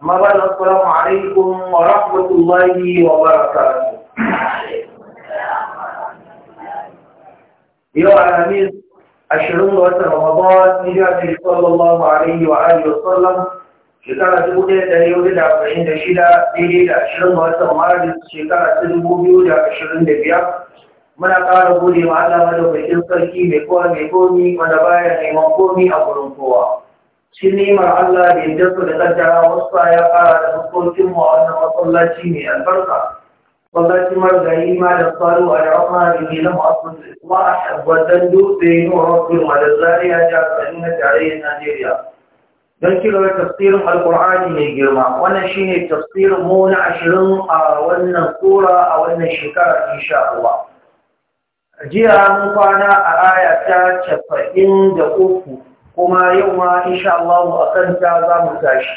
السلام عليكم ورحمة الله وبركاته يا العالمين الشرم وسر رمضان نجاتي صلى الله عليه وآله وسلم شكرا تبوني تهيو دا فرحين دشيدا ديلي دا شرم وسر مارد شكرا تبو بيو دا شرم دبيا منا قال بولي وعلا مدو بشرقكي مكوا مكوني مدبايا مكوني أبرم كوا مكوني shi nemar Allah da ya su da kaddara wasu ya fara da hukokin mu a wannan masallaci mai albarka masallaci margari ma da faru a da amma da ke na masu kuma a tabbatar dutse yin rafin ma da zariya ta tsari na tarayyar Najeriya. Don kira tafsirin Al-Qur'ani mai girma, wannan shi ne tafsirin mu na ashirin a wannan kura a wannan shekara insha Allah. Jiya mun kwana a aya ta casa'in da uku kuma yau ma insha Allah a ta za mu tashi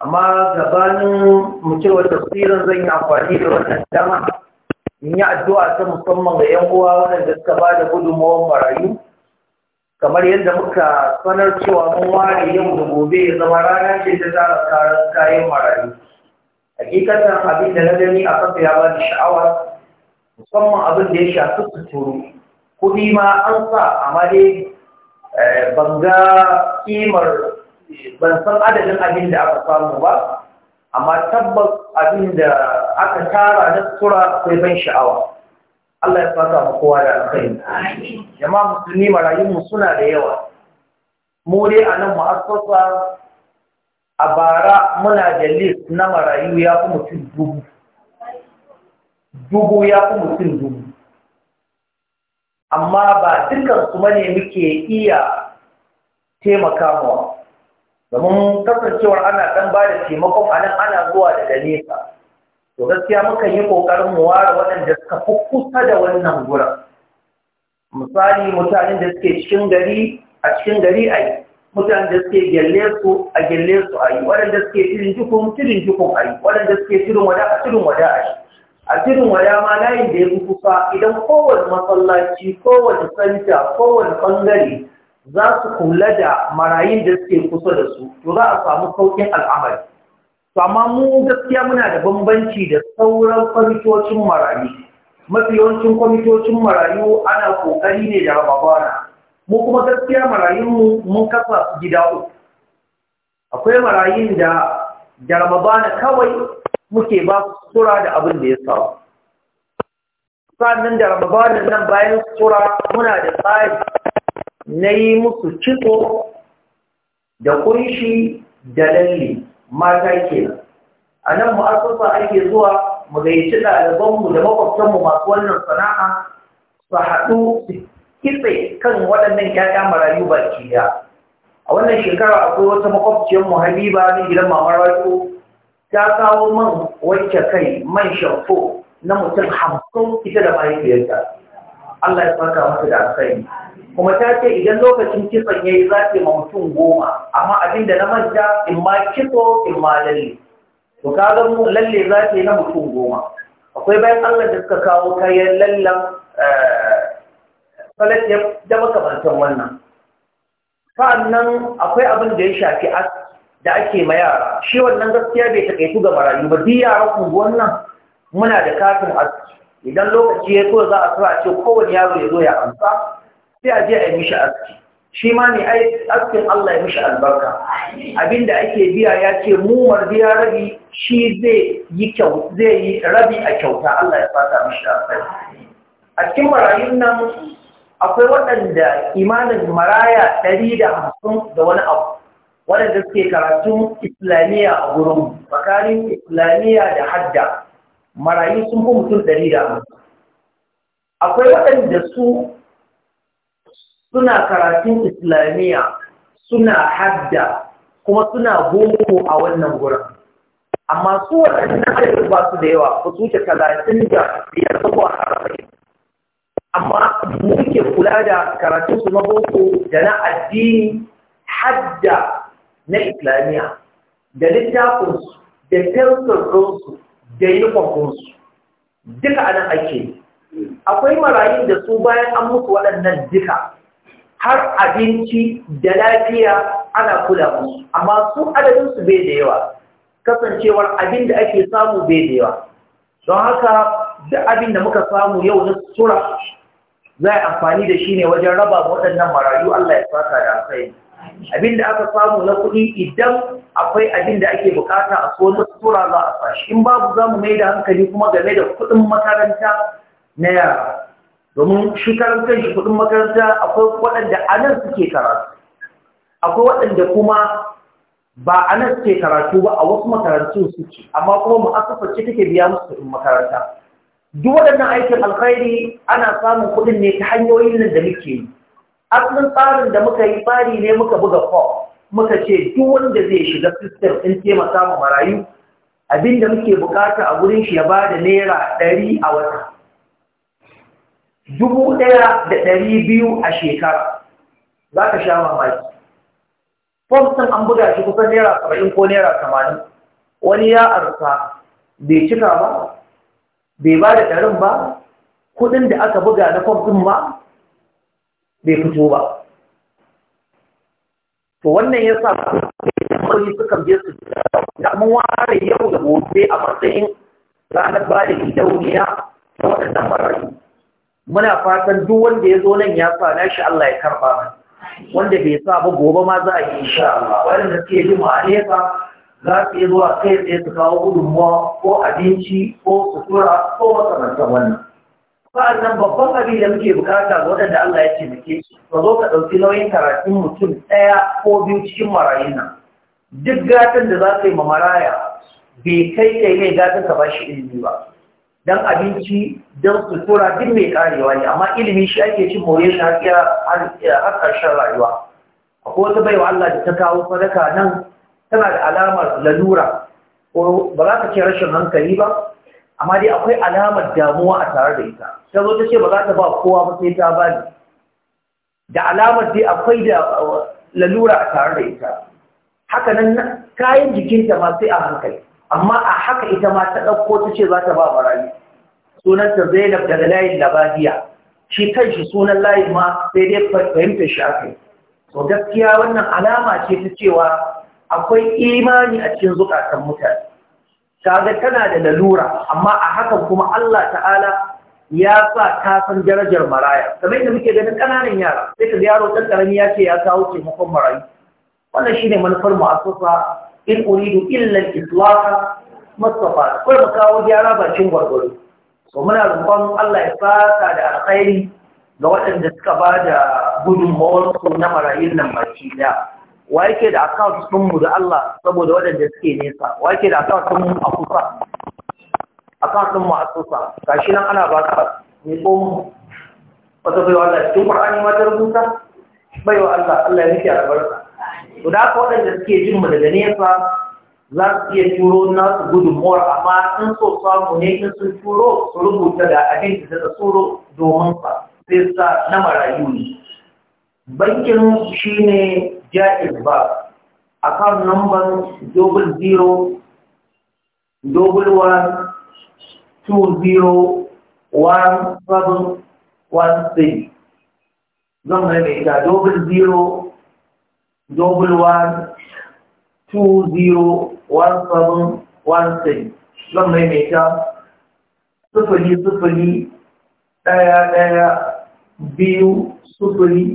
amma gabanin mu wata tafsirin zan yi amfani da wannan dama in yi addu'a ta musamman ga yan uwa waɗanda suka ba da gudunmawar marayu kamar yadda muka sanar cewa mun ware yau da gobe ya zama rana ce ta tara kayan marayu hakikatan abin da na gani a kafa ya ba da sha'awa musamman abin da ya shafi suturu kuɗi ma an sa amma dai Eh, ban ga kimar ban san adadin abin da aka samu ba amma tabbas abin da aka tara na tura akwai ban sha'awa Allah ya fata mu kowa da alkhairi jama'a musulmi marayun mu suna da yawa mu dai a nan mu'assasa a bara muna da list na marayu ya fi mutum dubu dubu ya fi mutum dubu amma ba dukkan su ne muke iya taimakawa domin kasancewar ana ɗan ba da taimakon a nan ana zuwa daga nesa to gaskiya mukan yi ƙoƙarin mu ware waɗanda suka fi kusa da wannan gurin misali mutanen da suke cikin gari a cikin gari a yi mutanen da suke gyalle su a gyalle su a yi waɗanda suke tirin jikun tirin jikun a yi waɗanda suke tirin wada a tirin wada a yi a cikin waya ma layin da ya fi kusa idan kowane masallaci kowane santa kowane ɓangare za su kula da marayun da suke kusa da su to za a samu sauƙin al'amari to amma mu gaskiya muna da bambanci da sauran kwamitocin marayu mafi yawancin kwamitocin marayu ana ƙoƙari ne da rababana mu kuma gaskiya marayunmu mun kafa gida uku akwai marayun da da ramadana kawai muke ba su sura da abin da ya samu sannan da ramadanin nan bayan sura muna da tsari na yi musu kitso da kunshi da lalle mata kenan a nan mu'assasa ake zuwa mu gaici ɗalibanmu da makwabtanmu masu wannan sana'a su haɗu su kitse kan waɗannan ƴaƴa marayu baki a wannan shekara akwai wata makwabciyar mu habiba na gidan mamar rayu ta kawo man wanke kai man shafo na mutum hamsin ita da mahaifiyarta Allah ya saka masa da alkhairi kuma ta ce idan lokacin kitson yayi za ta ma mutum goma amma abin da na manta in ma kitso in ma lalle to ga mu lalle za ta yi na mutum goma akwai bayan Allah da suka kawo kayan lallan falat eh, ya da makamantan wannan sa'annan akwai abin da ya shafi aski da ake ma yara shi wannan gaskiya bai takaici ga marayu ba duk yaran unguwan nan muna da katin aski idan lokaci ya zo za a so a ce kowane yaro ya zo ya amsa sai a je a yi mishi aski shi ma ne askin Allah ya mishi albarka abinda ake biya ya ce mu biya rabi shi zai yi kyau zai yi rabi a kyauta Allah ya fata mishi aski. a cikin marayun nan akwai waɗanda imanin maraya ɗari da hamsin da wani abu waɗanda suke karatun islamiyya a gurin tsakanin islamiyya da hadda marayu sun fi mutum ɗari da akwai waɗanda su suna karatun islamiyya suna hadda kuma suna goko a wannan gurin amma su na adadin ba su da yawa ba su talatin da biyar zuwa arba'in amma muke kula da karatun su na boko da na addini hadda na islamiyya da littafinsu da fensurinsu da yunifofinsu duka a nan ake akwai marayun da su bayan an mutu waɗannan duka har abinci da lafiya ana kula musu amma su adadinsu bai da yawa kasancewar abin da ake samu bai da yawa don haka duk abin da muka samu yau na sura za a amfani da shi ne wajen raba waɗannan marayu Allah ya saka da alkhairi Abin da aka samu na kuɗi idan akwai abin da ake bukata a tsohon tura za a sashi in babu za mu mai da hankali kuma game da kuɗin makaranta na yara domin shi karantar shi kuɗin makaranta akwai waɗanda a suke karatu akwai waɗanda kuma ba a suke karatu ba a wasu makarantun suke amma kuma mu ce take biya musu kuɗin makaranta duk waɗannan aikin alkhairi ana samun kuɗin ne ta hanyoyin nan da muke yi asalin tsarin da muka yi tsari ne muka buga form muka ce duk wanda zai shiga system in taimaka ma marayu abinda muke bukata a gurin shi ya ba da naira ɗari a wata dubu ɗaya da ɗari biyu a shekara za ka sha mamaki fom an buga shi kusan naira saba'in ko naira tamanin wani ya arsa bai cika ba bai ba da ɗarin ba kuɗin da aka buga na fom ɗin ba bai fito ba to wannan ya sa kuri suka je su Da mun ware yau da gobe a matsayin ranar ba da gidauniya ta waɗannan marayu muna fatan duk wanda ya zo nan ya sa na shi Allah ya karɓa wanda bai sa ba gobe ma za a yi sha Allah waɗanda suke ji nesa za su yi zuwa kai tsaye su kawo gudunmawa ko abinci ko sutura ko makamantar wannan sa'annan babban abin da muke bukata ga waɗanda Allah ya ce muke ba zo ka ɗauki nauyin karatun mutum ɗaya ko biyu cikin marayun nan duk gatan da za ka yi ma maraya bai kai kai mai gatan ka ba shi ilimi ba don abinci don sutura duk mai ƙarewa ne amma ilimi shi ake cin more shi har ƙarshen rayuwa akwai wata baiwa Allah da ta kawo sadaka nan tana da alamar lalura ko ba za ka ce rashin hankali ba amma dai akwai alamar damuwa a tare da ita ta zo ta ce ba za ta ba kowa ba sai ta bani da alamar dai akwai da uh, lalura a tare da ita haka nan kayan jikinta ma sai a hankali amma a haka ita ma ta ɗauko ta ce za ta ba barayi sunanta zainab daga layin labadiya shi kanshi sunan layin ma sai dai fahimtar shi akai to gaskiya wannan alama ce ta cewa akwai imani a cikin zukatan mutane kaga tana da lalura amma a hakan kuma Allah ta'ala ya sa ta san darajar maraya kamar yadda muke ganin ƙananan yara sai ka yaro ɗan ƙarami ya ce ya kawo taimakon marayu wannan shine manufar mu'assasa in uridu illa al-islaha mustafa kai mu kawo gyara bakin gwargwaro So muna roƙon Allah ya saka da alkhairi ga waɗanda suka ba da gudunmawar na marayun nan baki da wa yake da account sunmu mu da Allah saboda waɗanda suke nesa wa yake da account sunmu mu a kusa account din a kusa gashi nan ana ba ka ni ko mu wata bai Allah cikin Qur'ani ma ta rubuta bai wa Allah Allah ya miki albarka to da haka waɗanda suke jin mu daga nesa za su iya turo na su gudu gudunmuwar amma in so samu ne in sun turo su rubuta da abin da suka tsoro domin sa sai sa na marayu ne bankin shi ne Jaiz ba account number double zero double one two zero one seven one three zan maimaita double zero double two zero one seven one three zan maimaita sufuri sufuri ɗaya ɗaya biyu sufuri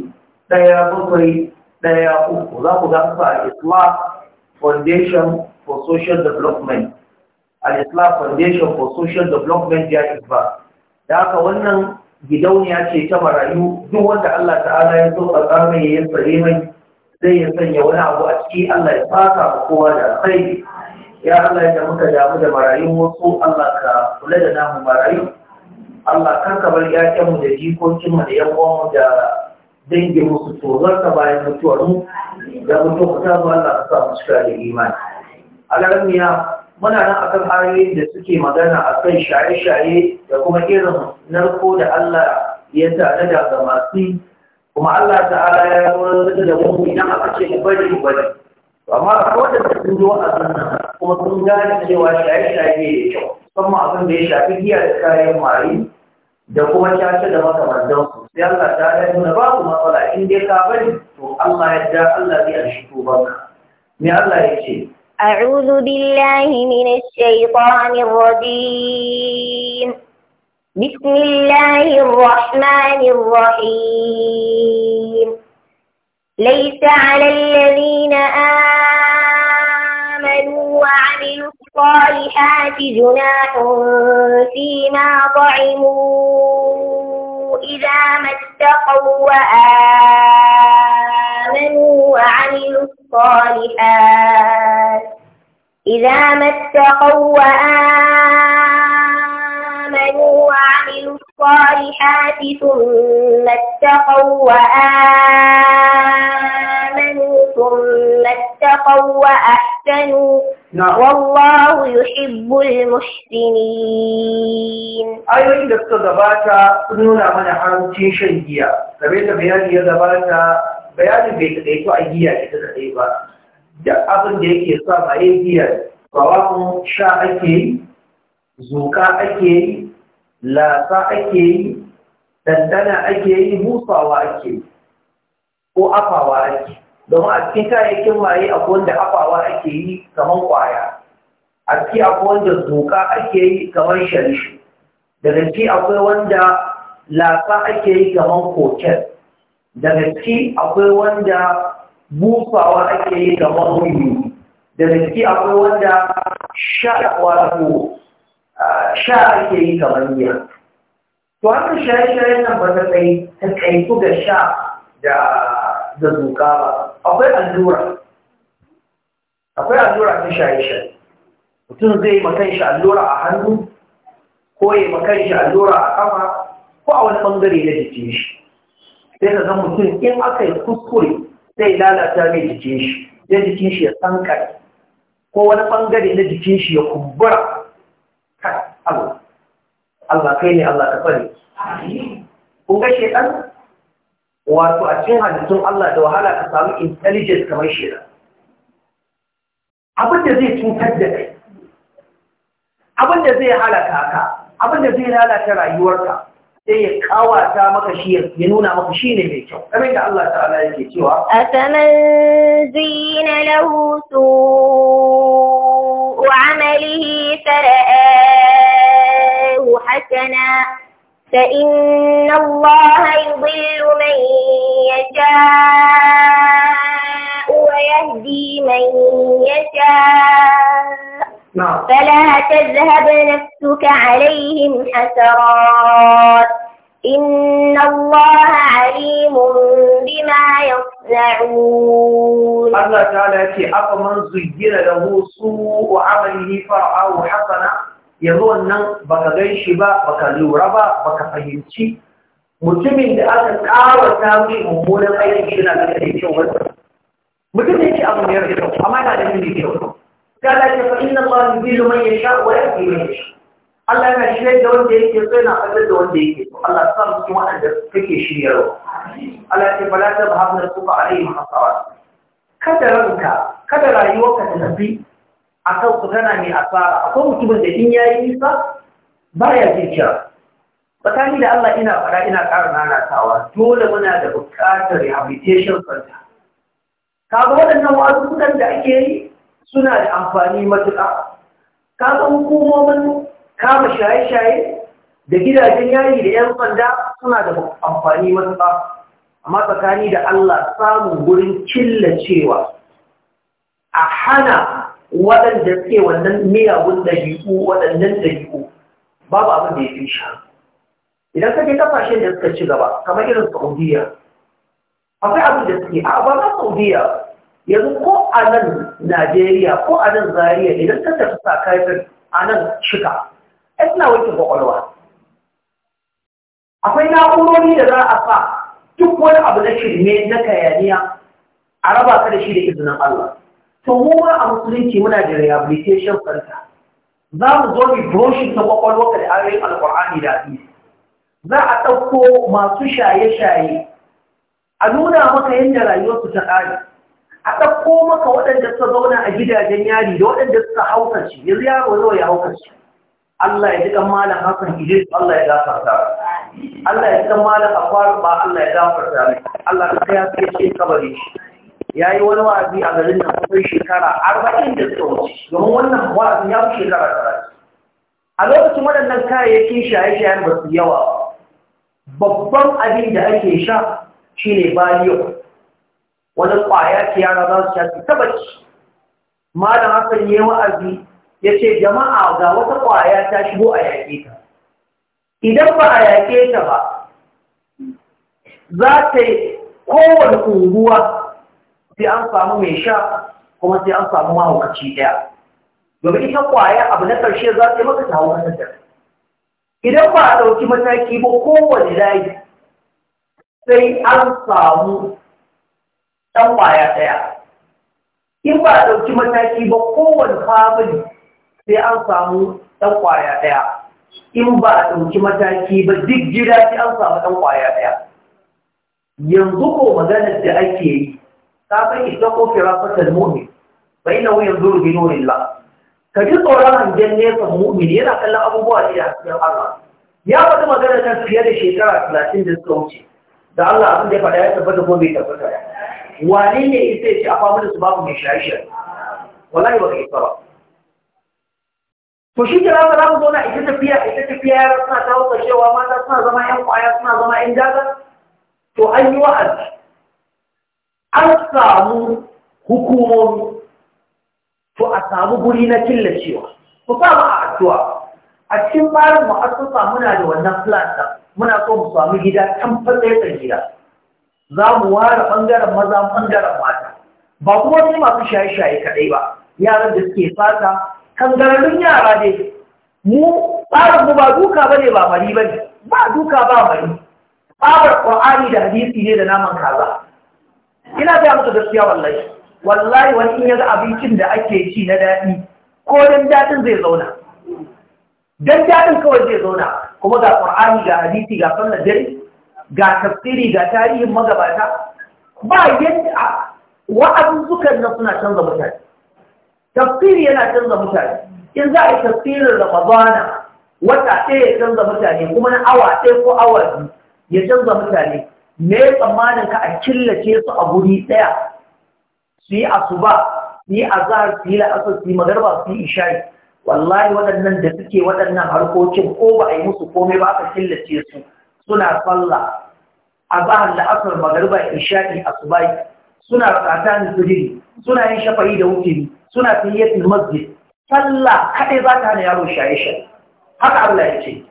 ɗaya bakwai ɗaya uku za ku su al islam foundation for social development al-islam foundation for social development ya ba da haka wannan gidauniya ce ta marayu duk wanda allah ta'ala ya so a tsarin ya tsare mai zai ya sanya wani abu a ciki allah ya fata ma kowa da sai ya allah ya muka damu da marayu wasu allah ka kula da namu marayu allah kan ka bar 'ya'yanmu da jikokinmu da yan uwanmu da dangin musu ta bayan mutuwar mu da mutu ta ba za a samu cika da imani miya muna nan akan ayoyin da suke magana a kan shaye-shaye da kuma irin narko da Allah ya tare da ga masu kuma Allah ta'ala ya rawar da mu idan aka ce bari bari amma a kowace da sun zo a zannan kuma sun gane cewa shaye-shaye ya kyau musamman abin da ya shafi giya da kayan mari da kuma cace da makamantan su sai Allah ta ga nuna babu matsala in dai ka bari to Allah ya da Allah zai arshi tubanka me Allah ya ce أعوذ بالله من الشيطان الرجيم بسم الله الرحمن الرحيم ليس على الذين آمنوا وعملوا الصالحات جناح فيما طعموا إذا ما اتقوا وآمنوا وعملوا الصالحات إذا ما اتقوا وآمنوا آمنوا وعملوا الصالحات ثم اتقوا وآمنوا ثم اتقوا وأحسنوا نعم. والله يحب المحسنين أيوة دكتور دباتا نونا من حرمتين شنجية سبيل بيان يدباتا بيان بيت قيتو أيديا كتدقيبا duk abin da yake sa ba ya biya zuka ake yi lasa ake yi dandana ake yi musawa ake yi ko afawa ake domin a cikin kayayyakin maye akwai wanda afawa ake yi kamar kwaya a ciki akwai wanda zuka ake yi kamar sharishi daga ciki akwai wanda lasa ake yi kamar koken daga ciki akwai wanda busawa ake yi kamar wuyi daga ciki akwai wanda sha'awa da wato sha ake yi kamar biya. to haka shaye-shayen nan ba ta tsaye ta tsaye ga sha da da zuka ba akwai allura akwai allura ta shaye-shaye mutum zai yi makan shi allura a hannu ko ya makan shi allura a kafa ko a wani bangare na jikin shi sai ka zan mutum in aka yi kuskure sai lalata mai jikin shi sai jikin shi ya sankare ko wani bangare na jikin shi ya kumbura Allah Allah kai ne Allah ka fare kun ga shedan wato a cikin halittun Allah da wahala ka samu intelligence kamar shedan abin da zai cutar da kai abinda zai halaka ka abin zai lalata rayuwarka sai ya kawata maka shi ya nuna maka shi ne mai kyau kamar da Allah ta'ala yake cewa afaman zina lahu su'u amalihi fara'a ربنا فإن الله يضل من يشاء ويهدي من يشاء نعم. فلا تذهب نفسك عليهم حسرات إن الله عليم بما يصنعون الله تعالى في أقمن زين له سوء عمله فرآه حسنا yanzu wannan ka gan shi ba ka lura ba ba ka fahimci mutumin da aka ƙawa ta mai mummunan aiki yana da kai kyau wata mutum ne ce abu mai kyau amma yana da mai kyau ta da ce na inna Allah yubillu man sha wa yahdi man shi Allah yana shirya da wanda yake so yana fadar da wanda yake so Allah ya sa mu cikin waɗanda kake shiryarwa Allah ya ce fala ta bahabna a alaihi hasarat kada ranka kada rayuwarka ta tafi Akan kan ku tana mai asara akwai mutumin da in yayi nisa ya jin Ba tsakani da Allah ina fara ina ƙara nanatawa dole muna da buƙatar rehabilitation center kaga waɗannan wa'azukan da ake yi suna da amfani matuƙa kaga hukumomin kama shaye-shaye da gidajen yayi da 'yan sanda suna da amfani matuƙa amma tsakani da Allah samun gurin killacewa a hana waɗanda ke wannan miyagun ɗabi'u waɗannan ɗabi'u babu abin da ya fi shi idan ka je kafashen da suka ci gaba kamar irin saudiya akwai abin da suke a ba saudiya yanzu ko a nan najeriya ko a nan Zariya, idan ka tafi sa kaifin a nan shika ai suna wakil kwakwalwa akwai na'urori da za a sa duk wani abu na shirme na kayaniya a raba ka da shi da izinin allah to mu ma a musulunci muna da rehabilitation center za mu zo ne broshin ta kwakwalwa da ayoyin alkur'ani da hadisi za a ɗauko masu shaye-shaye a nuna maka yadda rayuwarsu ta ƙare a ɗauko maka waɗanda suka zauna a gidajen yari da waɗanda suka haukace yanzu yaro nawa ya haukace Allah ya ji kan malam Hassan Idris Allah ya gafarta Allah ya ji kan malam Afar ba Allah ya gafarta Allah ka kai ya ce kabari shi ya yi wani wa'azi a garin nan kusan shekara arba'in da suka wuce domin wannan wa'azi ya fi shekara talatin a lokacin waɗannan kayayyakin shaye-shayen ba su yawa babban abin da ake sha shine baliyo wani ƙwaya ce yara za su sha su ci malam hassan ya wa'azi ya ce jama'a ga wata ƙwaya ta shigo a yaƙe ta idan ba a yaƙe ta ba za ta yi kowane unguwa sai an samu mai sha kuma sai an samu mahaukaci ɗaya domin ita ƙwaya abu na ƙarshe za ta yi maka ta haukatar da idan ba a ɗauki mataki ba kowane layi sai an samu ɗan ƙwaya ɗaya in ba a ɗauki mataki ba kowane famili sai an samu ɗan ƙwaya ɗaya in ba a ɗauki mataki ba duk gida sai an samu ɗan ƙwaya ɗaya yanzu ko maganar da ake yi ta san ittaqu firasatal mu'min fa innahu yanzuru bi nurillah ka ji tsoron hangen nesa mu'min yana kallon abubuwa ne a hasken Allah ya faɗi magana kan fiye da shekara talatin da suka wuce da Allah abin da ya faɗa ya tabbata ko bai tabbata ba wane ne isa ya ce a famu su babu mai shaye-shaye wallahi ba ka isa ba to shi kira za mu zauna ita tafiya ita tafiya yara suna kawo kashewa mata suna zama yan kwaya suna zama yan daga to an yi wa'azi an samu hukumomi to a samu guri na killacewa ku samu a addu'a a cikin bayan mu'assasa muna da wannan plan muna so mu samu gida can fatsaitsar gida za mu ware ɓangaren maza ɓangaren mata ba kuma sai masu shaye-shaye kaɗai ba yaran da suke fata kangararrun yara dai mu tsarin mu ba duka ba ne ba mari ba ne ba duka ba mari tsabar ƙwa'ani da hadisi ne da naman kaza ina gaya muku gaskiya wallahi wallahi wani in yaga abincin da ake ci na daɗi ko dan daɗin zai zauna dan daɗin kawai zai zauna kuma ga qur'ani ga hadisi ga sunnah dai ga tafsiri ga tarihin magabata ba yadda wa'azuzzukan nan suna canza mutane tafsiri yana canza mutane in za a yi tafsirin ramadana wata ɗaya ya canza mutane kuma na awa ɗaya ko awa biyu ya canza mutane me tsammanin ka a killace su a guri ɗaya su yi asuba su yi azahar su yi la'asar su yi magarba su yi isha'i wallahi waɗannan da suke waɗannan harkokin ko ba a yi musu komai ba aka killace su suna sallah azahar la'asar magarba isha'i asuba suna tsata ni sujiri suna yin shafa'i da wukiri suna tayyatul masjid sallah kaɗai za ta hana yaro shaye-shaye haka Allah ya ce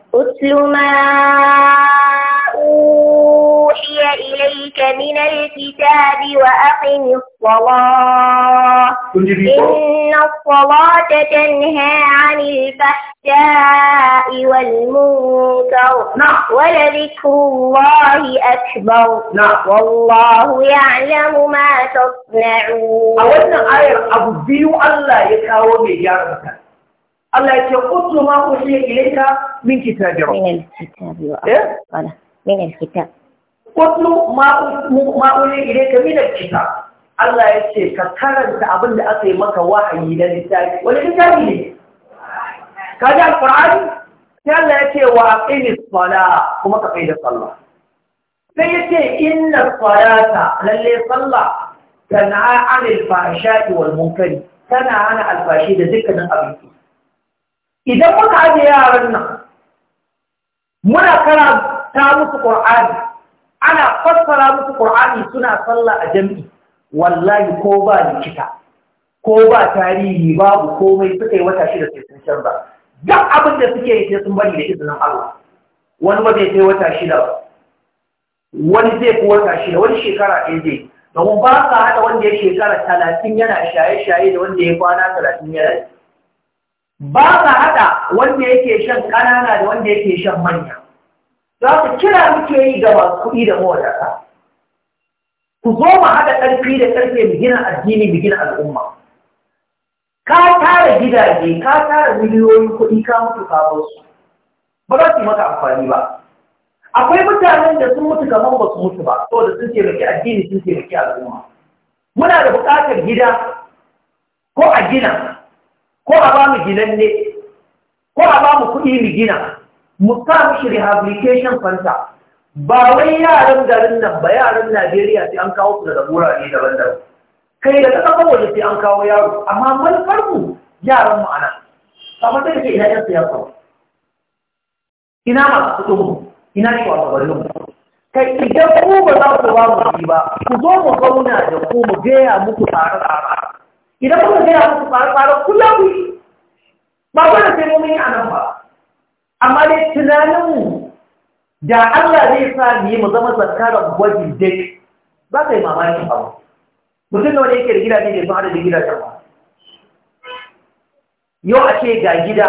إليك من الكتاب وأقم الصلاة إن الصلاة تنهى عن الفحشاء والمنكر نعم. ولذكر الله أكبر نعم. والله يعلم ما تصنعون أولنا آية أبو بيو الله يكاوم يا Allah ya ce utlu ma uhiya ilayka min من rabbik min alkitabi Utlu ma'uli idan ka minar kita, Allah ya ce ka karanta abin da aka yi maka wahayi na littafi, wani littafi ne? Ka ji alfa'ari? Sai Allah ya ce wa ƙinis fala kuma ka da sallah. Sai ya ce inna falata lalle sallah tana anil fahishati wal munkari tana hana alfashi da dukkanin abinci. Idan muka ajiye yaran nan, muna karanta musu Ƙur'ani, ana fassara musu Qur'ani suna sallah a jami'i wallahi ko ba likita ko ba tarihi babu komai suka yi wata shida sai sun canza duk abin da suke yi sai sun bari da izinin Allah wani ba zai kai wata shida ba wani zai fi wata shida wani shekara ɗaya zai domin ba ka haɗa wanda ya shekara talatin yana shaye-shaye da wanda ya kwana talatin yana ba ka haɗa wanda yake shan ƙanana da wanda yake shan manya za ku kira muke yi ga masu kuɗi da mawadata ku zo mu haɗa ƙarfi da ƙarfe mu gina addini mu gina al'umma ka tara gidaje ka tara miliyoyin kuɗi ka mutu ka su ba za su yi maka amfani ba akwai mutanen da sun mutu kamar ba su mutu ba saboda sun taimaki addini sun taimaki al'umma muna da buƙatar gida ko a gina ko a ba mu gidan ne ko a ba mu kuɗi mu gina mu sa rehabilitation fanta ba wai yaran garin nan ba yaran Najeriya sai an kawo su daga wurare daban-daban kai da kasa waje sai an kawo yaro amma manufar mu yaran mu anan kamar da ke ina yan siyasa ina masu kuɗin mu ina shugabannin mu kai idan ku ba za ku ba mu ba ku zo mu zauna da ku mu gaya muku tsare-tsare idan muka gaya muku tsare-tsare ku yi ba wani sai mun yi anan ba amma dai tunaninmu da Allah zai sa mu mu zama zakaran gwaji dai ba ka yi mamakin abu mutum da wani yake da gidaje da zuwa da gidajen ba yau a ce ga gida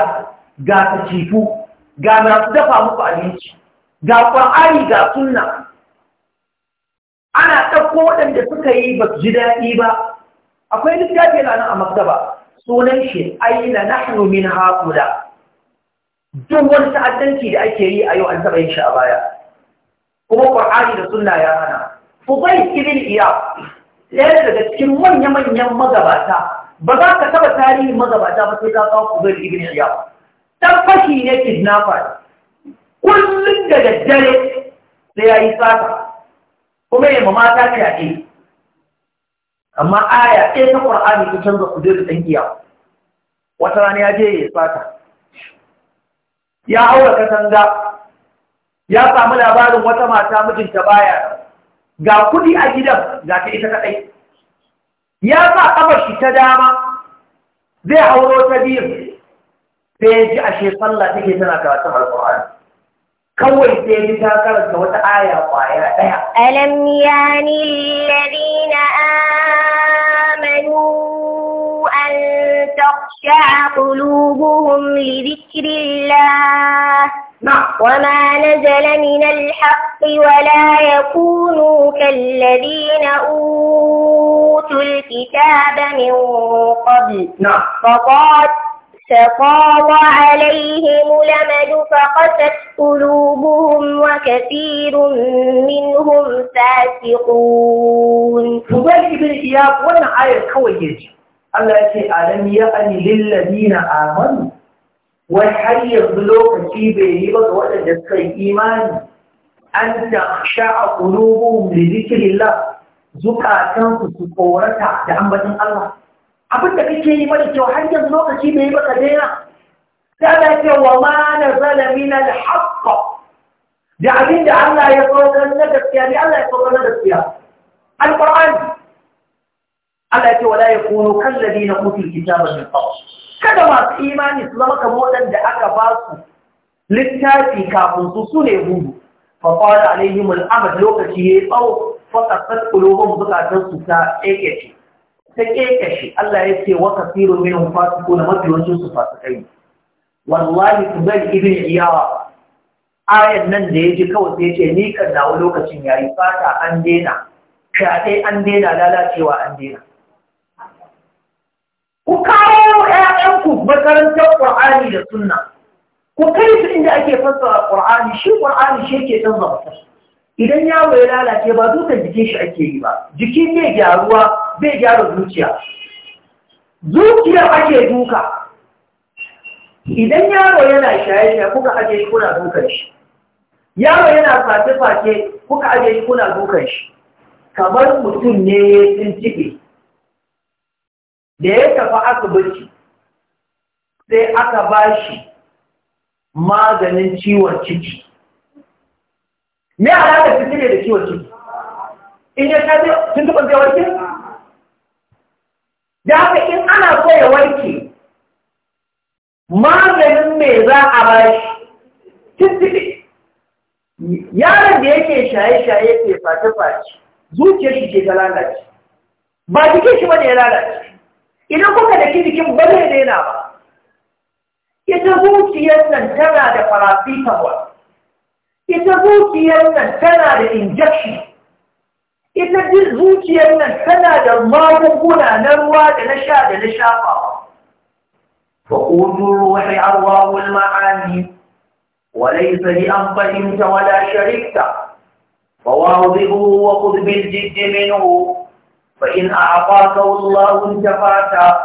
ga cifu ga masu dafa muku abinci ga ƙwa'ari ga sunna ana ɗauko waɗanda suka yi ba ji daɗi ba akwai littafi na a maktaba sunan shi aina nahnu min haƙura. duk wani ta'addanci da ake yi a yau an taɓa yin shi a baya kuma ƙwar'ani da sunna ya hana bai ibn iya ɗaya daga cikin manya-manyan magabata ba za ka taɓa tarihin magabata ba sai ka kawo fuzai ibn iya dan fashi ne kidnapper kullum da daddare sai ya yi sata kuma ya ma mata fyaɗe amma aya ɗaya ta ƙwar'ani ta canza fuzai da ɗan iya wata rana ya je ya sata ya haura katanga ya samu labarin wata mata mijinta baya ga kudi a gidan ga ta ita kadai ya sa kafar shi ta dama zai hauro ta biyu sai ya ji ashe sallah take tana karatun alkur'ani kawai sai ji ta karanta wata aya kwaya daya alam yani alladhina تخشع قلوبهم لذكر الله نعم. وما نزل من الحق ولا يكونوا كالذين أوتوا الكتاب من قبل نعم. فقال فطال عليهم لمد فقست قلوبهم وكثير منهم فاسقون. Kubai ibn Iyab wannan آية kawai Allah ya ce alam ya ani lillazina amanu wai har yanzu lokaci bai yi ba ga waɗanda suka yi imani an ta sha'a qulubuhum li dhikrillah zukatan su su korata da ambaton Allah abin da kake yi mara kyau har yanzu lokaci bai yi ba ka daina tana ce wa ma nazala zalami na haqq da abin da Allah ya saukar na gaskiya ni Allah ya saukar na gaskiya Al-Qur'ani Allah ce wala yakunu kallazina kutul kitaba min qabl kada masu imani su zama kamar waɗanda aka ba su littafi kafin su sune hudu. gudu fa qala alaihim al lokaci yayi tsawo fa qasat qulubuhum zukatan su ta ekeci ta ekeci Allah ya ce wa kasiru minhum fasiquna mafiyancin su fasikai wallahi tubal ibn iyawa ayan nan da yaji kawai sai ce ni kan dawo lokacin yayi fata an dena fyaɗe an dena lalacewa an dena ku kawo ‘ya'yanku makarantar ƙur'ani da sunna ku kai su inda ake fassara ƙur'ani shi ƙur'ani shi ke canza mutum idan yaro ya lalace ba dukan jikin shi ake yi ba jiki ne gyaruwa bai gyara zuciya Zuciya ake duka idan yaro yana shaye-shaye kuka aje shi kuna dukan shi yaro yana fafe face kuka aje shi kuna dukan shi kamar mutum ne ya tsinci da ya tafi asibiti sai aka ba shi maganin ciwon ciki me alaƙar ciki ne da ciwon ciki in ya sha zai tun tuban zai warke da haka in ana so ya warke maganin me za a ba shi tuntuɓe yaron da yake shaye-shaye ke face-face zuciyar shi ke ta lalace ba jikin shi wani ne ya lalace idan kuka da jikin ba zai daina ba ita zuciyar nan tana da paracetamol ita zuciyar nan tana da injection ita zuciyar nan tana da magunguna na ruwa da na sha da na shafawa فقولوا روحي أرواح المعاني وليس لأن فهمت ولا شركت فواضعه وخذ بالجد منه فإن أعطاكه الله الجفاة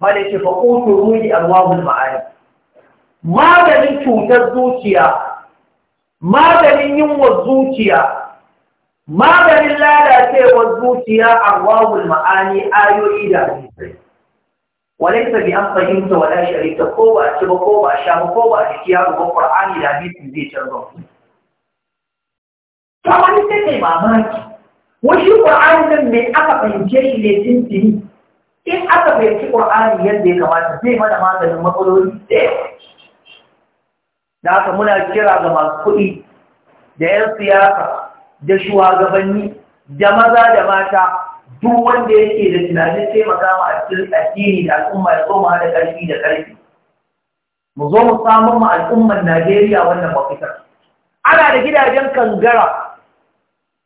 ملك فقوته لأبواب المعارف maganin cutar zuciya maganin wa zuciya maganin lalacewar zuciya arwahul ma'ani ayoyi da hadisai wani bi an fahimta wa sharika ko ba a ba ko ba sha ba ko ba jiki ba qur'ani da hadisi zai canza kamar sai kai mamaki wasu Ƙur'ani nan me aka fahimce shi ne tintini, in aka fahimci ƙwa'ani yadda ya kamata zai mana maganin matsaloli da yawa. Da haka muna kira ga masu kuɗi da 'yan siyasa da shugabanni da maza da mata duk wanda yake da tunanin taimaka ma cikin addini da al'umma ya koma da ƙarfi da ƙarfi. Mu zo mu samun ma al'ummar Najeriya wannan mafitar. Ana da gidajen kangara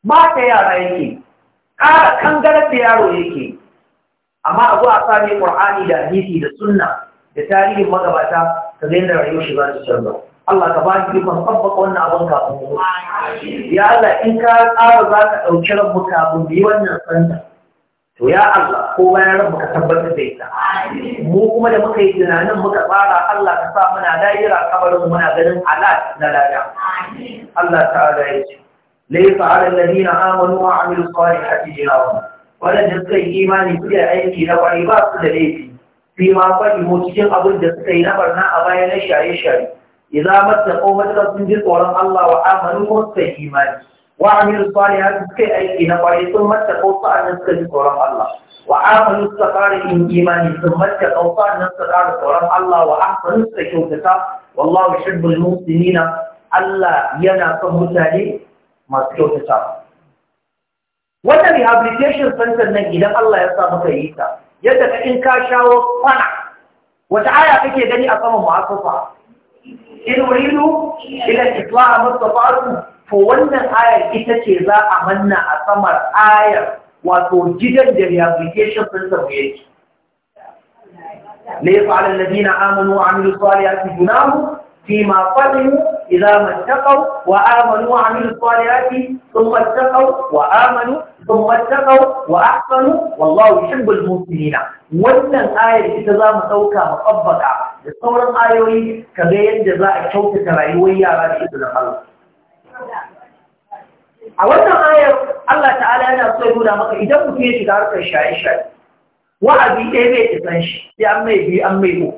mata yara yake ƙara kangarar da yaro yake amma abu a sami ƙur'ani da hadisi da sunna da tarihin magabata ka zai da rayuwar shi za su canza Allah ka ba ki kuma tabbaka wannan abin kafin mu ya Allah in ka tsara za ka ɗauki ran mu kafin mu wannan sanda to ya Allah ko bayan ran muka tabbatar da ita mu kuma da muka yi tunanin muka tsara Allah ka sa muna da'ira kabarin muna ganin ala na lada Allah ta'ala ya ce ليس على الذين آمنوا وعملوا الصالحات جناهم ولن يسكي إيماني كل أيدي لو عباد كل ليفي فيما قدموا تجن أبن دسكي نبرنا أبايا نشاري شاري إذا متقوا متقوا سنجد ورم الله وآمنوا وسكي إيماني وعملوا الصالحات سكي أيدي نبري ثم متقوا صعنا سكي ورم الله وعملوا الصقار إن إيماني ثم متقوا صعنا سكي ورم الله وأحسنوا سكي وكتاب والله يحب المسلمين Allah yana son mutane masu kyautata wannan rehabilitation center nan idan Allah ya sa maka yi ta yadda ka in ka shawo kwana wata aya kake gani a saman fa? in uridu ila islam mustafaru to wannan ayar ita ce za a manna a samar ayar wato gidan da rehabilitation center yake ليس على الذين آمنوا وعملوا الصالحات جناه فيما قدموا إذا ما اتقوا وآمنوا وعملوا الصالحات ثم اتقوا وآمنوا ثم اتقوا وأحسنوا والله يحب المحسنين wannan ayar ita za mu ɗauka mu ƙabbaka da sauran ayoyi ka ga yadda za a kyautata rayuwar yara da izinin Allah. A wannan ayar Allah ta'ala yana so ya nuna maka idan mutum ya shiga harkar shaye-shaye wa'azi ɗaya bai isan shi sai an mai biyu an mai uku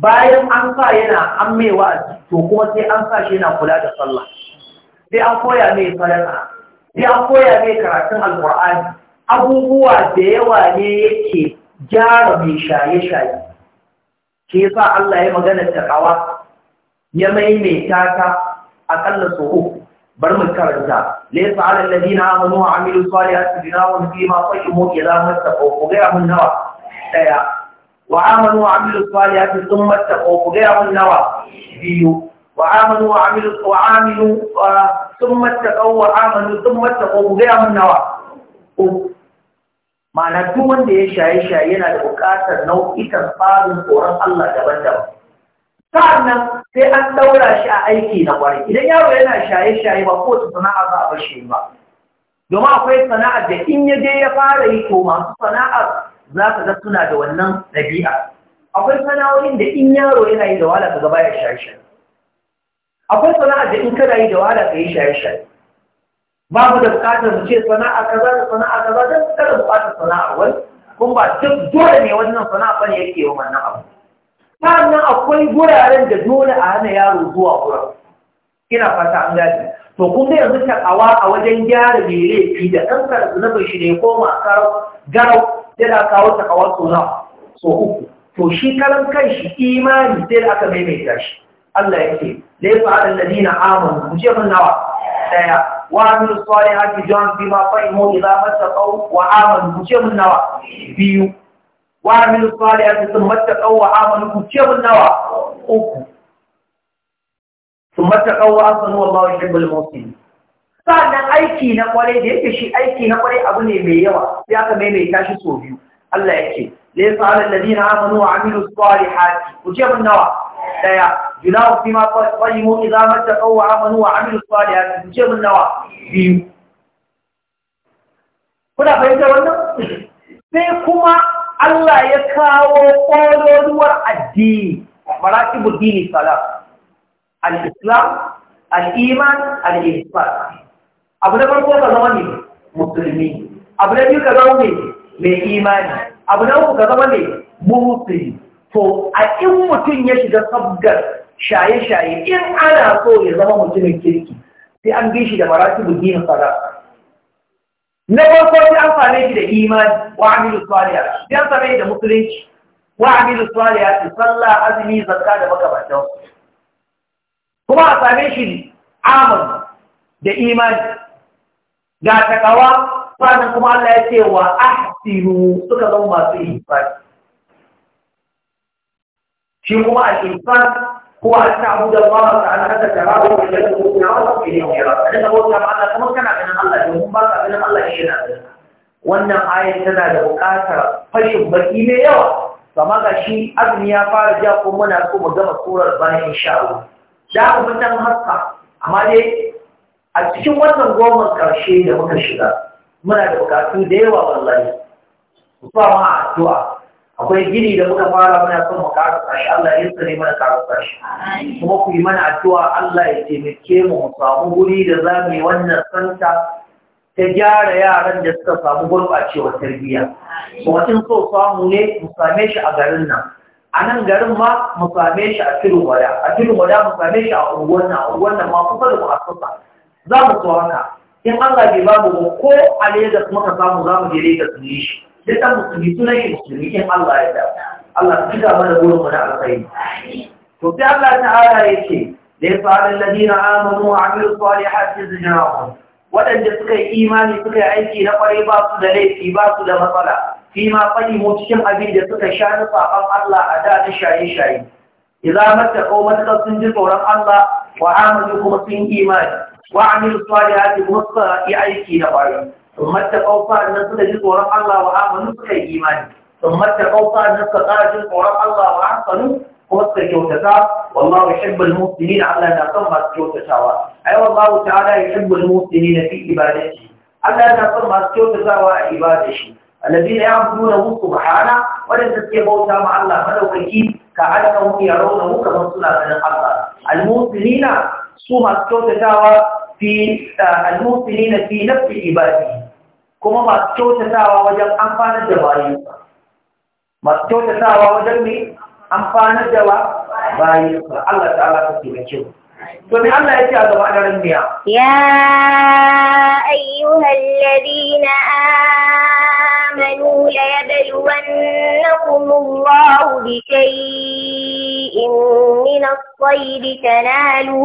bayan an sa yana an wa'azi to kuma sai an sa shi yana kula da sallah sai an koya mai sadaka sai an koya mai karatun alkur'ani abubuwa da yawa ne yake gyara mai shaye-shaye ke yasa Allah ya magana kawa ya maimaita ta akalla so uku bar mu karanta laysa 'alal ladina amanu wa 'amilus salihati jinahun fima tayyibu idza mattaqu ko ga mun nawa daya وآمنوا وعملوا الصالحات ثم اتقوا فغيرهم نوى بيو وآمنوا وعملوا وعملوا ثم اتقوا وآمنوا ثم اتقوا فغيرهم نوى ma'ana duk wanda ya shaye-shaye yana da buƙatar nau'ikan tsarin tsoron Allah daban-daban sa'annan sai an daura shi a aiki na ƙwarai idan yaro yana shaye-shaye ba kowace sana'a za a bar ba domin akwai sana'ar da in ya je ya fara yi to masu sana'ar za ka ga suna da wannan ɗabi'a akwai sana'o'in da in yaro yana yi da wahala ka gaba ya shaye-shaye akwai sana'a da in kana yi da wahala ka yi shaye-shaye babu da bukatar mu ce sana'a kaza da sana'a kaza don kada bukatar sana'a wai kun ba duk dole ne wannan sana'a bane yake yi wa wannan abu sannan akwai guraren da dole a hana yaro zuwa wurin ina fata an gaji to kun da yanzu awa a wajen gyara mai laifi da ɗan karatu na bai shi ne koma garau yana kawo ta kawo tsora so uku to shi karan shi imani sai da aka maimaita shi Allah ya ce laifa da ladina amanu mu ce mun nawa daya wa amilu salihati jan bima fahimu idza mattaqaw wa amanu mu ce mun nawa biyu wa amilu salihati sun mattaqaw wa amanu mu ce mun nawa uku sun mattaqaw wa amanu wallahu yuhibbul muhsinin sannan aiki na kwarai da yake shi aiki na kwarai abu ne mai yawa sai aka maimaita shi sau biyu Allah ya ce laysa alal ladina amanu wa amilu salihati ku ce mun nawa daya junahu fima qadimu idza mattaqaw wa amanu wa amilu salihati ku ce mun nawa biyu kuna fahimtar wannan sai kuma Allah ya kawo ƙololuwar addini maratibul dini salat al-islam al-iman al-ihsan abu na farko ka zama ne musulmi abu na biyu ka zama ne mai imani abu na uku ka zama ne musulmi to a in mutum ya shiga sabgar shaye-shaye in ana so ya zama mutumin kirki sai an bi shi da marasi bugi na fara na farko sai an same shi da imani wa amilu saliya sai an same shi da musulunci wa amilu saliya sai sallah azumi zakka da makamantan kuma a same shi amal da imani ga takawa sannan kuma Allah ya ce wa ahsinu suka zama masu ihsan shi kuma al-ihsan هو أن تعبد الله تعالى تتبعه وجهه ko في يوم يراك لأن هو تعالى كما كان أن الله ganin Allah أن yana يشهد wannan ayat tana da buƙatar fashin baki mai yawa kama ga shi azumi ya fara ja ko muna so mu gama surar bayan insha Allah da ku mun haska amma dai a cikin wannan goma ƙarshe da muka shiga muna da bukatu da yawa wallahi ba ma addu'a akwai gini da muka fara muna son mu ƙara tsashi Allah ya tsare mana ƙara tsashi kuma ku yi mana addu'a Allah ya taimake mu mu samu wuri da za mu yi wannan santa ta gyara yaran da suka samu gurɓacewar tarbiyya kuma in so samu ne mu same shi a garin nan a nan garin ma mu same shi a filin wada a filin wada mu same shi a unguwan nan a unguwan nan ma kusa da mu a za mu haka in Allah bai ba mu ko da kuma ka samu za mu je Lagos mu yi shi duk ɗan musulmi sunan shi musulmi in Allah ya da Allah su ga mana gurin mu na alkhairi to sai Allah ta'ala ya ce da ya fara ladina amanu wa amilu salihati zinahu waɗanda suka yi imani suka yi aiki na kwarai ba su da laifi ba su da matsala fi ma mu cikin abin da suka sha na saɓan Allah a da na shaye-shaye. Iza mata ko matuƙar sun ji tsoron Allah wa amanu kuma sun imani wa amilu salihati musa yi aiki na bayan sun matta kaufa na suka ji tsoron Allah wa amanu suka yi imani sun matta kaufa na suka tsara jin tsoron Allah wa amanu ko suka kyautata wallahu yuhibbul muslimin Allah na son masu kyautatawa ai wallahu ta'ala yuhibbul muslimin fi ibadati Allah na son masu kyautatawa a ibadashi الذين يعبدونه سبحانه ولن تسكي موتى مع الله فلو كي كعلمهم يرونه كما صنع من الحق المؤمنين سوما كوتتاوا fi eh, al-mu'minina fi nafsi ibadi kuma masu kyautatawa wajen amfanar da bayinsa masu kyautatawa wajen ne amfanar da ba bayinsa Allah ta'ala ta kyau. To me Allah ya ce a gaba da ranniya ya ayyuhal ladina آمنوا ليبلونكم الله بشيء من الصيد تناله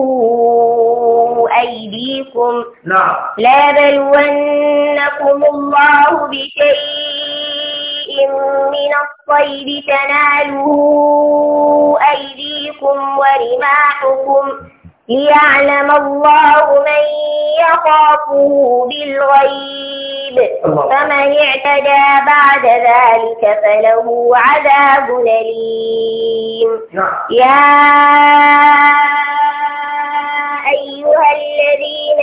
أيديكم لا نعم. ليبلونكم الله بشيء من الصيد تناله أيديكم ورماحكم ليعلم الله من يخافه بالغيب فمن اعتدى بعد ذلك فله عذاب أليم نعم. يا أيها الذين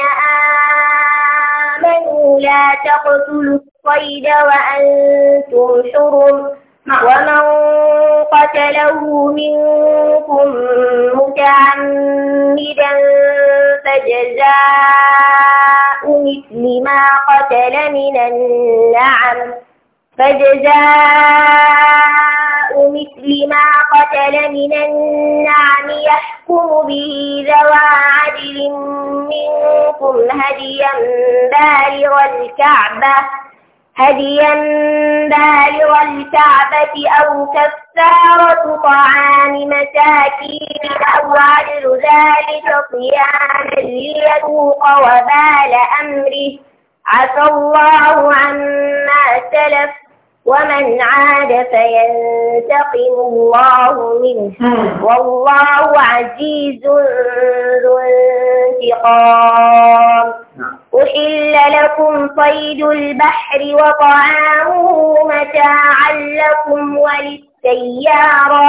آمنوا لا تقتلوا الصيد وأنتم حرم نعم. ومن قتله منكم متعمدا فجزاء مثل ما قتل من النعم فجزاء مثل ما قتل من النعم يحكم به ذوى عدل منكم هديا بالغ الكعبة هديا بالغ الكعبة أو كفارة طعام مساكين أو عدل ذلك صياما ليذوق وبال أمره عفى الله عما سلف ومن عاد فينتقم الله منه والله عزيز ذو انتقام أحل لكم صيد البحر وطعامه متاعا لكم وللسيارة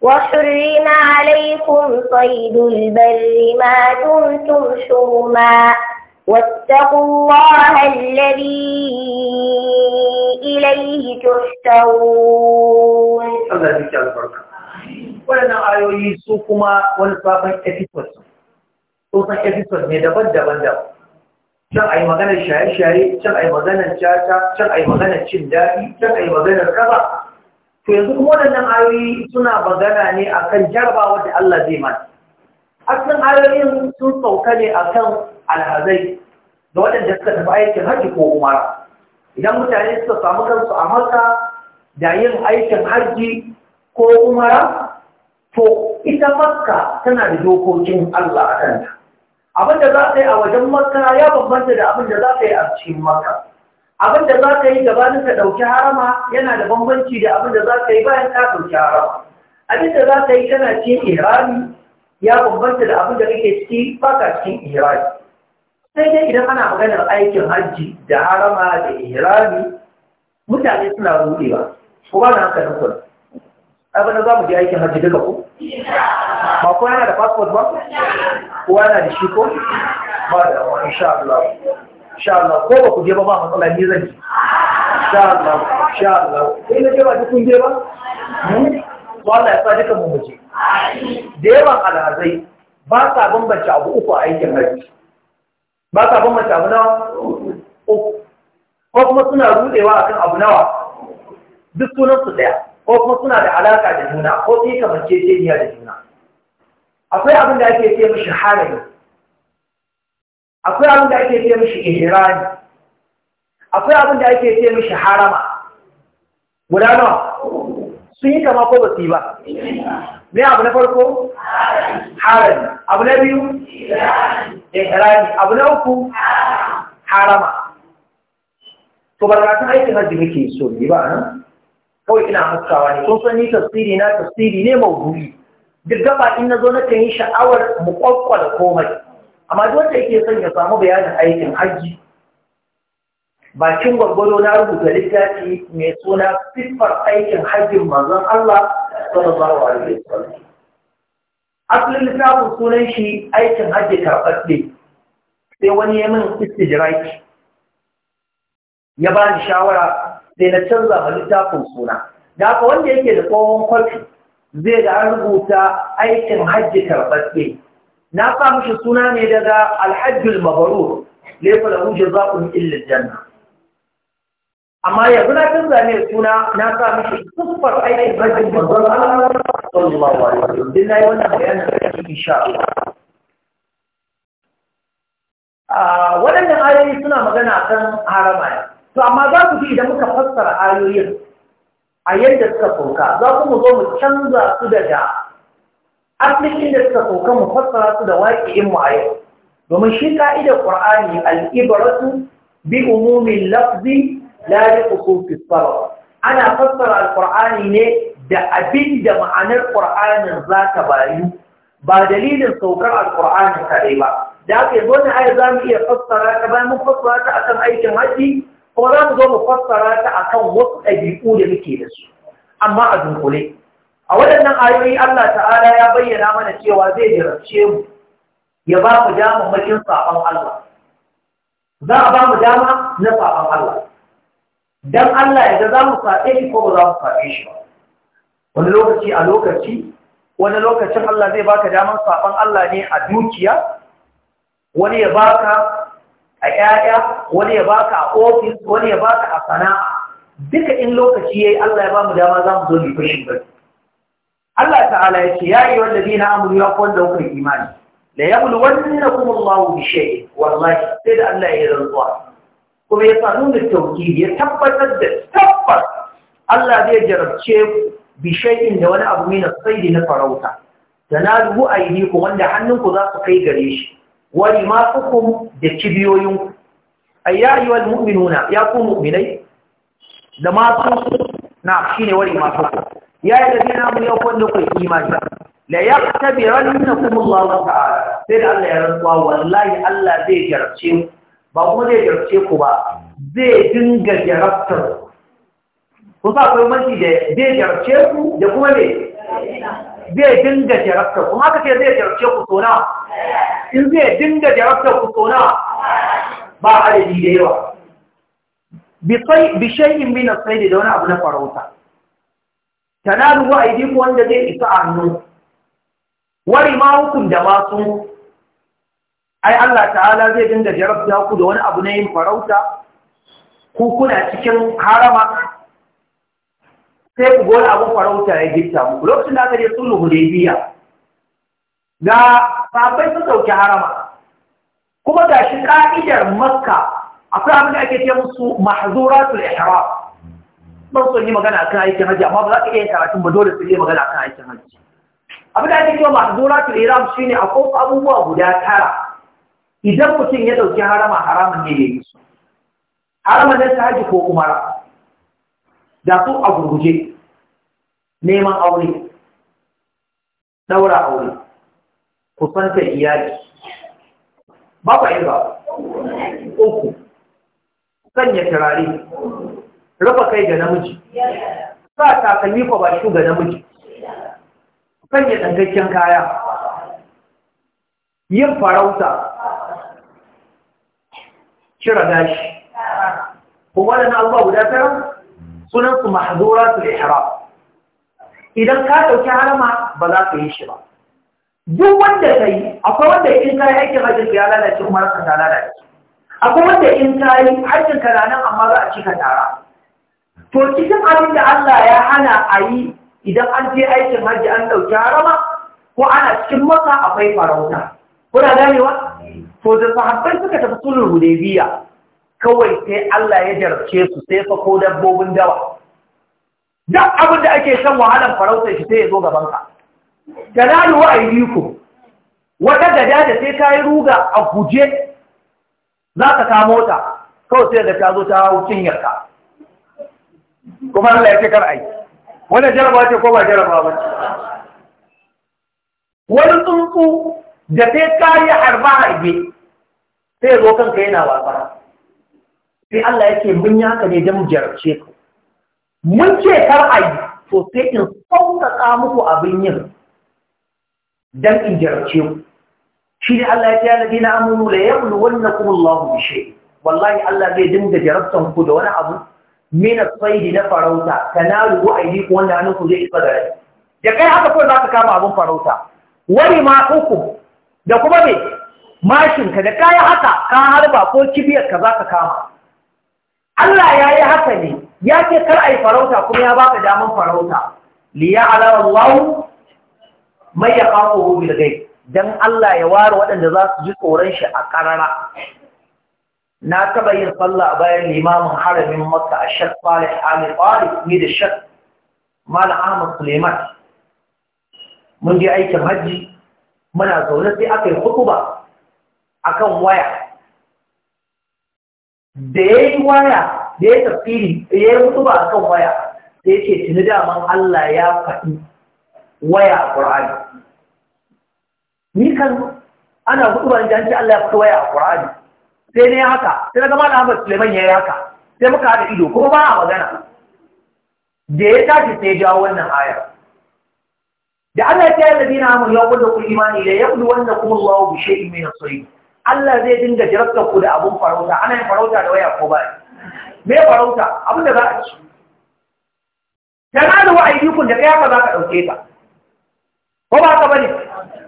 وحرم عليكم صيد البر ما دمتم حرما واتقوا الله الذي إليه تحترون ولنا آيوي سوكما ونصابا أفيسوس سوكما أفيسوس ne daban-daban daban can a yi maganar shaye-shaye can a yi maganar caca can a yi maganar cin daɗi can a yi maganar kaza to yanzu kuma waɗannan ayoyi suna magana ne akan jarabawa da Allah zai mana asalin ayoyin sun sauka ne akan alhazai da waɗanda suka tafi aikin haji ko umara idan mutane suka samu kansu a maka da yin aikin haji ko umara to ita makka tana da dokokin Allah a kanta abin da za ka yi a wajen maka ya bambanta da abin da za ka yi a cikin maka abin da za ka yi gabanin ka ɗauki harama yana da bambanci da abin da za ka yi bayan ka ɗauki harama abin da za ka yi kana cikin ihrami ya bambanta da abin da kake ciki ba ka cikin ihrami sai dai idan ana maganar aikin hajji da harama da ihrami mutane suna rudewa ko ba na haka nan kuna abin da za mu je aikin hajji duka ko kowa yana da passport ba kowa yana da shi ko ba da wani insha Allah insha Allah ko ba ku je ba ba matsala ni zan ji insha Allah sha Allah sai na ba duk kun je ba hmm? to ya sa dukan mu je. da yawan alhazai ba sa bambance abu uku a aikin haji ba sa bambance abu nawa uku ko kuma suna rudewa akan abu nawa duk sunan su daya ko kuma suna da alaka da juna ko sai kamar kamanceceniya da juna akwai abin da ake ce mishi harami akwai abin da ake ce mishi ihrami akwai abin da ake ce mishi harama guda nawa sun yi kama ko basu yi ba Me abu na farko harami abu na biyu ihrami abu na uku harama to ba karatun aikin hajji muke so ne ba nan kawai ina haskawa ne kun san ni na tasiri ne mawdu'i duk gaba in na zo na kan yi sha'awar mu kwakwala komai amma duk wanda yake son ya samu bayanin aikin hajji bakin gwargwado na rubuta littafi mai suna siffar aikin hajjin manzon Allah sallallahu alaihi wasallam asalin littafin sunan shi aikin hajji karɓaɓɓe sai wani ya min istijiraki ya ba ni shawara sai na canza ma littafin suna da haka wanda yake da tsohon kwafi zai da an rubuta aikin hajji karɓaɓɓe na sa mishi suna ne daga alhajjul mabarur laifa da hujjar zaɓin illin janna amma yanzu na canza mai suna na sa mishi siffar aikin hajjin manzon Allah sallallahu alaihi wasallam din nayi wannan bayanin da kake insha Allah waɗannan ayoyi suna magana kan harama to amma za ku fi idan muka fassara ayoyin a yadda suka sauka za ku mu zo mu canza su daga Asibitin da suka sauka mu fassara su da waƙi'in mu a domin shi ka'idar ƙur'ani al'ibaratu bi umumin lafzi la bi ana fassara alƙur'ani ne da abin da ma'anar ƙur'anin za ta bayu ba dalilin saukar alƙur'ani kaɗai ba da aka yi zo na za mu iya fassara ta bayan mun fassara ta akan aikin haji kuma za mu zo mu fassara ta a kan wasu ɗabi'u da muke da su amma a dunkule a waɗannan ayoyi Allah ta'ala ya bayyana mana cewa zai jarabce mu ya ba mu dama makin saɓon Allah za a ba mu dama na saɓon Allah don Allah ya ga za mu saɓe shi ko ba za mu saɓe shi ba wani lokaci a lokaci wani lokacin Allah zai baka damar saɓon Allah ne a dukiya wani ya baka a ƴaƴa wani ya baka a ofis wani ya baka a sana'a duka in lokaci yayi Allah ya bamu dama za mu zo mu fashin ba Allah ta'ala ya ce ya yi wanda dina amuru ya kwanda imani la yablu wannakum Allahu bi shay'in wallahi sai da Allah ya rantsuwa kuma ya sanu da tauki ya tabbatar da tabbas Allah zai jarabce ku bi shay'in da wani abu ne na saidi na farauta tanalu aydikum wanda hannunku za su kai gare shi wa rimaqukum da kibiyoyin ayya ayyuhal mu'minuna ya ku mu'minai da masu na shine wari masu ya yi da dina mu yau kwanda kai imani la yaqtabirannakum Allah ta'ala sai da Allah ya rantsuwa wallahi Allah zai jarabce mu ba kuma zai jarabce ku ba zai dinga jarabtar ku sa akwai manci da zai jarabce ku da kuma ne zai dinga jarabtar Kuma haka ce zai jarabce ku so na in zai dinga jarabtar ku sona ba adadi da yawa bishayin na sai da wani abu na farauta ruwa a aidiku wanda zai isa a hannu wari ma hukun da masu ai Allah ta'ala zai dinga jarabta ku da wani abu na yin farauta ku kuna cikin harama sai ku gona abin farauta ya gita muku lokacin da aka je sulhu biya? ga sahabbai sun dauki harama kuma ga shi ka'idar makka akwai abin da ake ce musu mahzuratul ihram ban so yi magana akan aikin haji amma ba za ka iya karatun ba dole su yi magana akan aikin haji abin da ake ce shi ne shine akwai abubuwa guda tara idan mutum ya dauki harama haramun ne ya yi su haramun ne ta haji ko umara da su a gurguje neman aure daura aure kusantar iyali ba ku yi ba uku sanya turare Rufa kai ga namiji sa takalmi ko ba ga namiji sanya dangakken kaya yin farauta cire gashi kuma da na abuwa guda tara sunansu mahazura su ihram idan ka ɗauki harama ba za ka yi shi ba duk wanda ka yi akwai wanda in ka yi aikin hajjin ya lalace kuma rakan ta lalace akwai wanda in ka yi hajjin ka nan amma za a ci ka tara to cikin abin da Allah ya hana a yi idan an je aikin hajji an ɗauki harama ko ana cikin maka akwai farauta kuna ganewa to da sahabbai suka tafi sulhul hudaybiya kawai sai Allah ya jarabce su sai fa ko dabbobin dawa duk abin da ake shan wahalar farauta shi sai ya zo gaban ka tanalu wa aydikum wata gada da sai yi ruga a guje za ka kamo ta kawai sai da ta zo ta hau cinyarka kuma Allah ya ce kar ai Wani jaraba ce ko ba jaraba ba wani tsuntsu da sai ka yi harba harbe sai zo kanka yana wasa sai Allah ya ce mun yi haka ne don mu jarabce ku mun ce kar ai to sai in sauƙaƙa muku abin yin dan in jarabce ku shi ne Allah ya ce alladhi na amanu la yabluwannakum Allah bi shay wallahi Allah zai dinga jarabtan ku da wani abu min as-sayd na farauta tanalu aydikum wanda ku zai isa da rai da kai haka kawai za ka kama abin farauta wani ma uku da kuma me mashinka da kaya haka ka harba ko kibiyar ka za ka kama Allah ya yi haka ne ya ce kar a yi farauta kuma ya ba ka daman farauta liya ala wallahu mai ya kawo da gai. Don Allah ya ware waɗanda za su ji tsoron shi a ƙarara. na taɓa yin sallah a bayan limamin haramin makka a shek salih ali talib ni da shek malam ahmad suleiman mun je aikin hajji muna zaune sai aka yi a akan waya da ya yi waya da ya tafiri ya yi a akan waya sai ce tuni daman Allah ya faɗi waya a Qur'ani ni kan ana hudu ban janci Allah ya fito waya a Qur'ani sai ne haka sai daga malam Ahmad Suleiman yayi haka sai muka haɗa ido kuma ba a magana da ya tashi sai ya jawo wannan ayar da Allah ya yi ladina amul ya kullu kul imani la yaqulu wannakum Allah bi shay'in min as-sayd Allah zai dinga jarabta ku da abun farauta ana yin farauta da waya ko ba me farauta abin da za a ci na da wa'ayi kun da kai ba za ka dauke ka. ko ba ka bane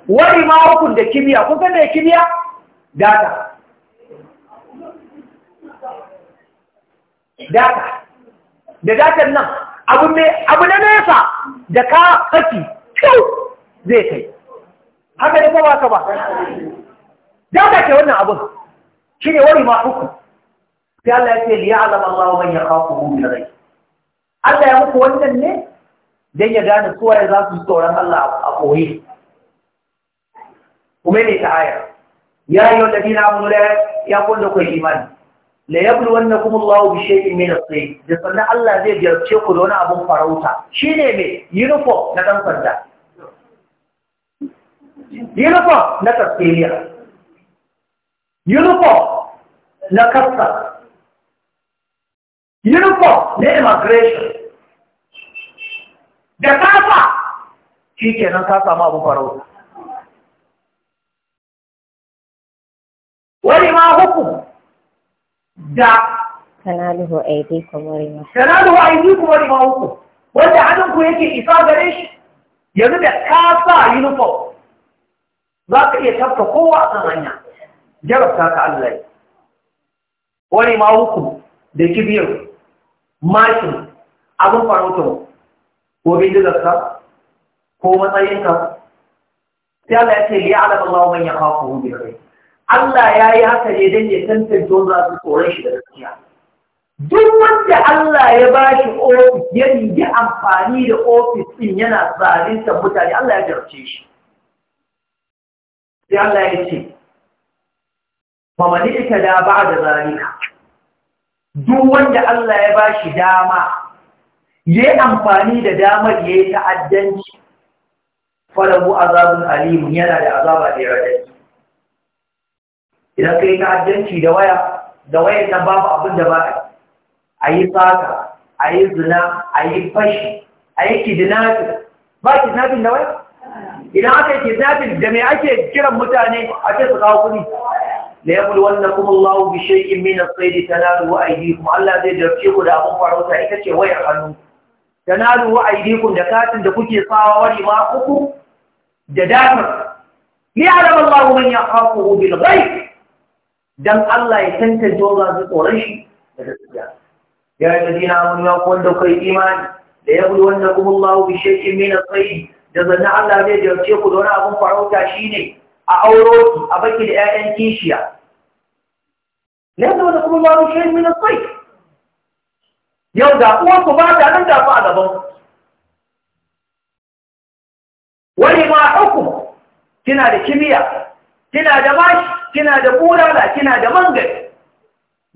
wani hukun da kibiya kusan da kibiya data data da data nan abu ne abu na nesa da ka saki kyau zai kai haka da ba ka ba data ke wannan abun shi ne wani hukun sai Allah ya ce liya alama Allah man ya kafu min rai Allah ya muku wannan ne dan ya gane kowa ya za su tsoron Allah a koyi kuma ne ta aya ya yi wanda dina da ya kulla ku imani la yablu wannakum Allah bi shay'in min as-sayy da sannan Allah zai biyarce ku da wani abin farauta Shi ne me uniform na ɗan sanda uniform na kastiliya uniform na kasta uniform na immigration da kasa shi kenan kasa ma abin farauta wani ma hukum da tanaluhu aidikum wani ma tanaluhu aidikum wani ma hukun wanda hannun ku yake isa gare shi yanzu da ka sa uniform za ka iya tafka kowa a hanya jarabta ka Allah yi wani ma hukum da kibiyar mashin abin farautar ko bindigarsa ko matsayinka sai Allah ya ce liya alama Allah ya kafa hu bi kai Allah ya yi haka ne don ya tantance wanda su tsoron shi da gaskiya. Duk wanda Allah ya ba shi ofis ya yi amfani da ofis ɗin yana zalintar mutane Allah ya jarce shi. Sai Allah ya ce, Mamani ita da ba da zalika. Duk wanda Allah ya ba shi dama, ya yi amfani da damar ya yi ta'addanci, falahu azabun alimun yana da azaba da ya idan ka yi ta'addanci da waya da wayar nan babu abin da ba a yi saka a yi zina a yi fashi a yi kidnapping ba kidnapping da waya idan aka yi kidnapping da mai ake kiran mutane a ce su kawo kuɗi la wannan kuma Allahu bi shay'in min as-sayd tanalu aydikum Allah zai jarce ku da abin farauta ita ce wayar hannu tanalu aydikum da katin da kuke sawa wani ma uku da dakar Ni alama Allahu man yakhafuhu bil ghaib dan Allah ya tantance wanda su tsoron shi da gaskiya ya yi ladina mun ya ku wanda kai imani da ya buli wanda kuma Allah bi shekin min al da zanna Allah zai jarce ku da wani abun farauta shine a auro ki a baki da 'ya'yan kishiya ne da kuma Allah bi shekin min al yau da uwarku ku ba ta nan da ku a gaban ku wani ma hukum kina da kimiya kina da bashi kina da kurala kina da mangari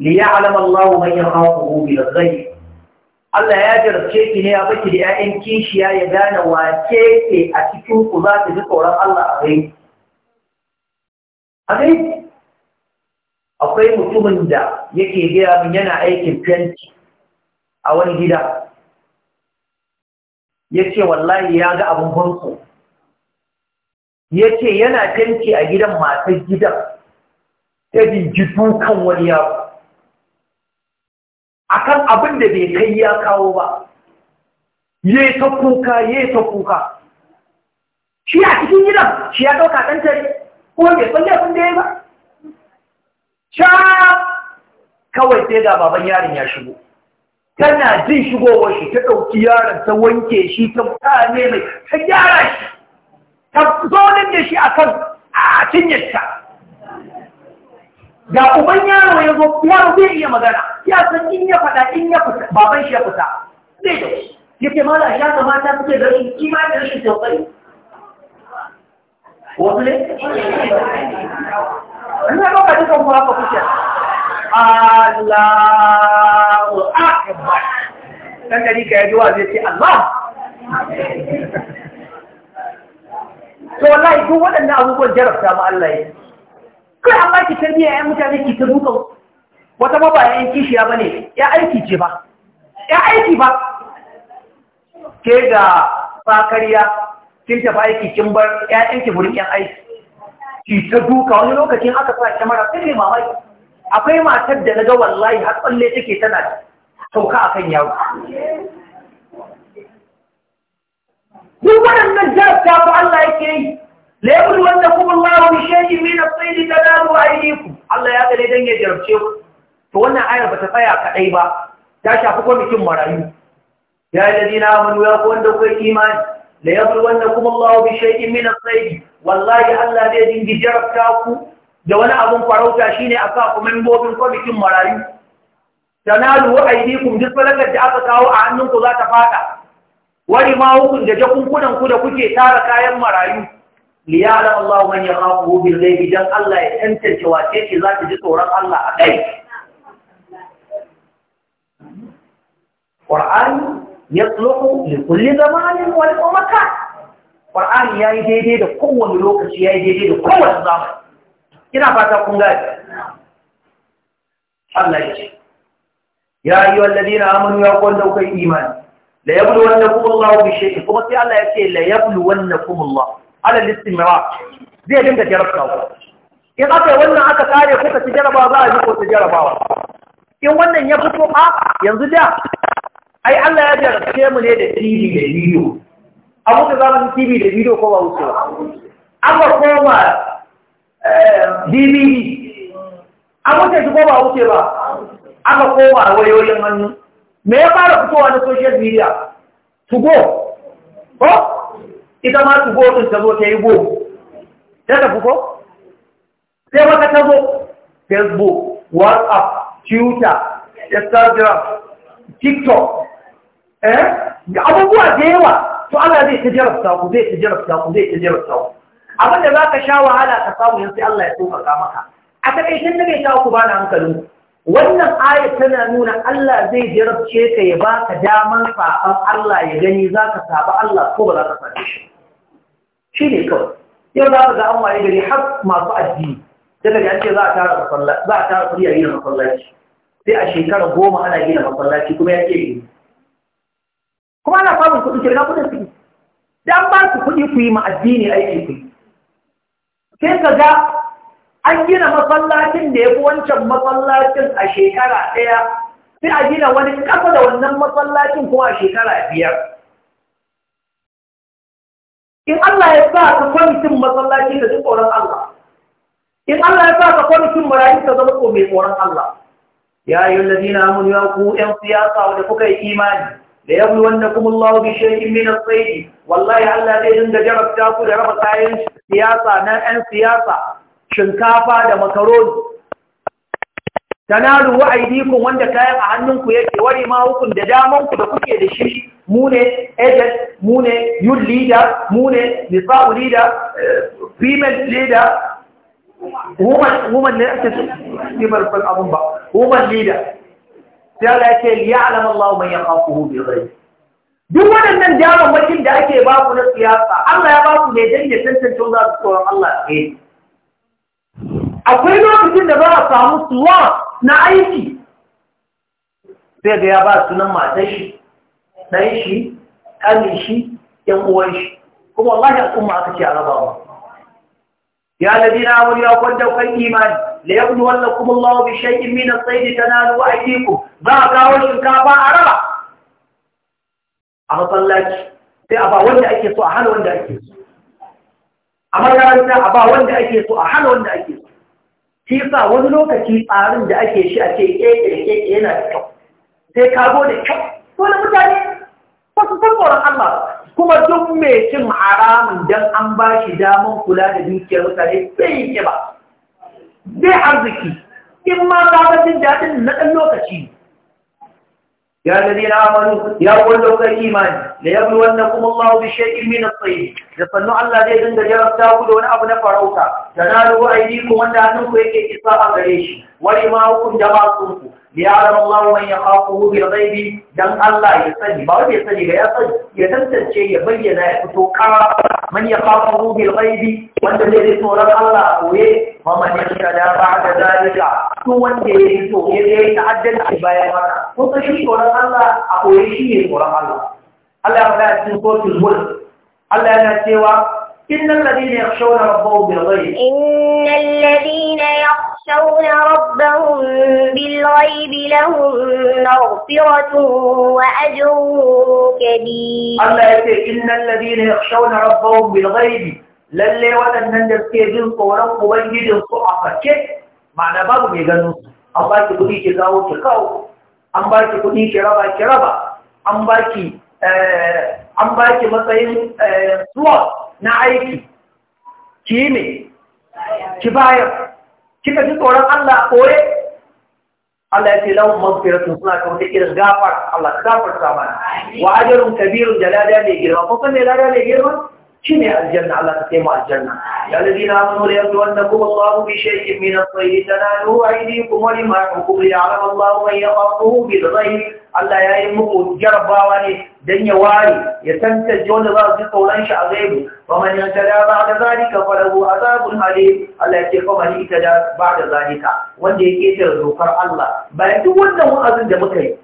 li ya'lam Allahu man yakhafuhu bil ghaib Allah ya jarabce ki ne ya baki da 'ya'yan kishiya ya gane wace ke a cikin ku za ta ji tsoron Allah a rai. A rai akwai mutumin da yake gaya min yana aikin fenti a wani gida. Ya ce wallahi ya ga abin banko ya ce yana tanki a gidan matar gidan ta jinkitu kan wani yaro a kan abin da bai kai ya kawo ba ya yi ta kuka ya yi ta kuka shi a cikin gidan shi ya ɗauka ɗan tare ko bai san laifin da ya ba sha kawai sai ga baban yarin ya shigo tana jin shigowar shi ta ɗauki yaron ta wanke shi ta mutane mai ta gyara shi ta zonin da shi a kan a cinyarta Da uban yaro ya zo yaro zai iya magana ya san in ya faɗa in ya fita baban shi ya fita zai da shi yake mala ya kamata suke da rashin kima da rashin tausayi wasu ne? Ina ba ka duka kuma haka kuke. Allahu Akbar. Dan gari ka yaji wa zai ce Allah. to wallahi duk waɗannan abubuwan jarabta ma Allah ya kai amma ki tarbiya ya mutane ki ta duka wata ma ba kishiya bane ya aiki ce ba ya aiki ba ke ga fakariya kin tafi aiki kin bar ƴaƴan ki burin ƴan aiki ki ta duka wani lokacin aka sa kyamara sai ne mamaki akwai matar da na ga wallahi har tsalle take tana sauka akan yaro Allah ya gare don ya jarabce ku to wannan ayar ba ta tsaya kaɗai ba ta shafi kwamitin marayu ya yi na manu ya wanda kuka imani la kuma Allah wa bishe in as-sayd wallahi Allah zai dingi jarabta ku da wani abin farauta shine ka ku membobin kwamitin marayu tanalu kun duk falakar da aka kawo a hannunku za ta fada Wani ma hukun da jakunkunan da kuke tara kayan marayu ليعلم الله من يخافه بالغيب دان الله يتنتج واتيكي ذاك جي توران الله أكيد قرآن يطلق لكل زمان والمكان قرآن يا يديدي دا قوة لوكس يا يديدي دا قوة الزمان كنا فاتا قنقاج الله يجي يا أيها الذين آمنوا يقول لو كي إيمان لا يبلونكم الله بشيء ثم الله يقول لا يبلونكم الله ala listimra zai dinga jarabtawa in aka yi wannan aka kare kuka ci jarabawa za a ji ko ci jarabawa in wannan ya fito ba yanzu da ai Allah ya jarabce mu ne da TV da bidiyo abu da zamanin TV da video ko ba wuce ba aka koma DVD abu da shi ko ba wuce ba aka koma wayoyin hannu me ya fara fitowa na social media to go ko ita ma su godin ta zo ta yi go ta tafi ko sai maka ta zo facebook whatsapp twitter instagram tiktok eh da abubuwa da yawa to Allah zai ta jarabta ku zai ta jarabta ku zai ta jarabta ku abinda za ka sha wahala ka samu yanzu Allah ya tsoka maka a takaicin da bai sha ku ba na hankalinku wannan aya tana nuna Allah zai jarabce ka ya baka daman saban Allah ya gani za ka saba Allah ko ba za ka same shi shi ne kawai yau za ka ga an waye gari har masu addini daga ya ce za a tara masallaci za a tara kuɗi gina masallaci sai a shekara goma ana gina masallaci kuma ya ke gini kuma ana samun kuɗi kirga kuɗin kuɗi dan ba su kuɗi ku yi ma addini aiki ku yi sai ka ga an gina masallacin da ya fi wancan masallacin a shekara ɗaya sai a gina wani ƙasa da wannan masallacin kuma a shekara biyar in Allah ya sa ka kwamitin masallaci da duk tsoron Allah in Allah ya sa ka kwamitin marayu ta zama ko mai tsoron Allah ya yi na amanu ya ku yan siyasa da kuka yi imani da ya bi wanda kuma Allah bi bishiyar min as wallahi Allah zai dinga jarabta ku da raba kayan siyasa na yan siyasa shinkafa da makaroni tanalu wa aidikum wanda kayan a hannunku yake wari ma hukun da daman ku da kuke da shi mu ne agent mu ne youth leader mu ne nisa'u leader eh, female leader woman woman ne ake su ne barfan abun ba woman leader sai Allah ya ce liya'lam Allah man yaqafuhu bi ghaib duk waɗannan damammakin da ake ba ku na siyasa Allah ya ba ku ne dan ya tantance za su tsoron Allah ne eh. akwai lokacin da za a samu suwa na aiki sai ga ya ba sunan matan shi ɗan shi ƙanin shi ‘yan uwan shi kuma ya al'umma aka ce a rabawa ya labi na wani ya kwanda kwan imani da ya kuma wannan kuma Allah bi shaƙin mina tsaidi ta nanu a iku za a kawo shinkafa a raba a masallaci sai a ba wanda ake so a hana wanda ake so a makaranta a ba wanda ake so a hana wanda ake so shi wani lokaci tsarin da ake shi a ce keke keke yana da kyau sai ka da kyau da mutane ba su san Allah kuma duk mai cin haramun dan an ba shi damar kula da dukiyar mutane sai yi ba zai arziki in ma ka ba jin daɗin na ɗan lokaci يا الذين آمنوا يا أولوك الإيمان ليبلونكم الله بشيء من الطيب يصنع الله ذي ذنب جرب تاكل ونأب نفروك تنالوا أيديكم وأن أنكم يكي إصاء غريش ولماؤكم جماعكم ليعلم الله من يخافه بالغيب دم الله يسني بعد يسني لا يسني يتمسك شيء يبين يفتوكا من يخافه بالغيب وأن الذي سورة الله ويه ومن يشهد بعد ذلك هو الذي يتوب الى تعدد بيانه قلت شيء قول الله اقول شيء قول الله الله لا تنقل تنكر الظلم الله لا سوى ان الذين يخشون ربهم بالغيب ان الذين يخشون ربهم بالغيب لهم مغفره واجر كبير الله يقول ان الذين يخشون ربهم بالغيب lalle waɗannan da suke jin tsoron ubangijin su a farke ma'ana babu mai ganin su an ba ki kuɗi ki kawo ki kawo an ba ki kuɗi ki raba ki raba an ba ki eh, matsayin eh, slot na aiki ki yi ne ki bayar kika ji tsoron Allah koye Allah ya ce lahum maghfiratun suna kan wata irin gafar Allah ka gafarta mana wa ajrun kabirun da lada ne girma ko san ne lada ne girma شنو الجنة الله تقيم الجنة يا الذين آمنوا ليبلونكم الله بشيء من الصيد تنالوا أيديكم ورماحكم ليعلم الله من يخافه بالغيب Allah ya yi muku jarabawa ne dan ya ware ya tantance wanda za su ji tsoron shi a gaibu ba da zalika falahu azabun hali Allah ya ce ba ta da zalika wanda ya ketare dokar Allah bayan duk wannan wa'azin da muka yi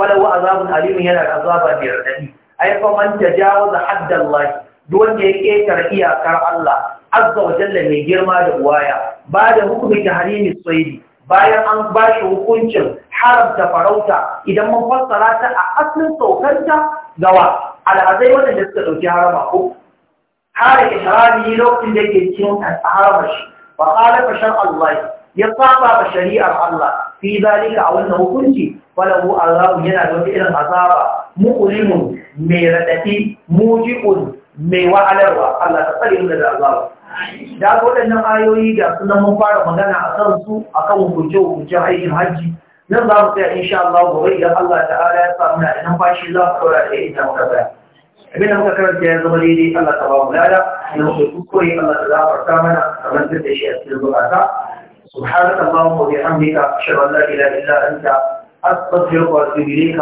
falahu azabun halimin yana da azaba mai raɗaɗi ai fa man tajawaza haddallahi duk wanda ya ƙetare iyakar Allah azza wa jalla mai girma da waya ba da hukumin tahrimi saidi bayan an ba shi hukuncin haramta farauta idan mun fassara ta a asalin saukanta gawa al'azai da suka ɗauki harama ko hare ihrami lokacin da yake cikin harama shi wa khalafa Allah ya saba ba shari'ar Allah fi zalika a wannan hukunci falahu Allah yana da wata irin azaba mu'limun mai raɗaɗi muji'un mai wa'alarwa Allah ta tsare mu da azaba da ga waɗannan ayoyi da sunan mun fara magana a kan su akan hukunce hukuncen aikin hajji nan za mu tsaya insha Allah gobe idan Allah ta'ala ya samu na idan fashi za mu kaura da ita muka tsaya abin da muka karanta ya zama daidai Allah ta ba mu lada da muka kuskure Allah ta zafarta mana kamar da shi a cikin bukata سبحانك اللهم وبحمدك أشهد أن لا إله إلا أنت أستغفرك وأتوب إليك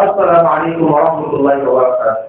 السلام عليكم ورحمة wa وبركاته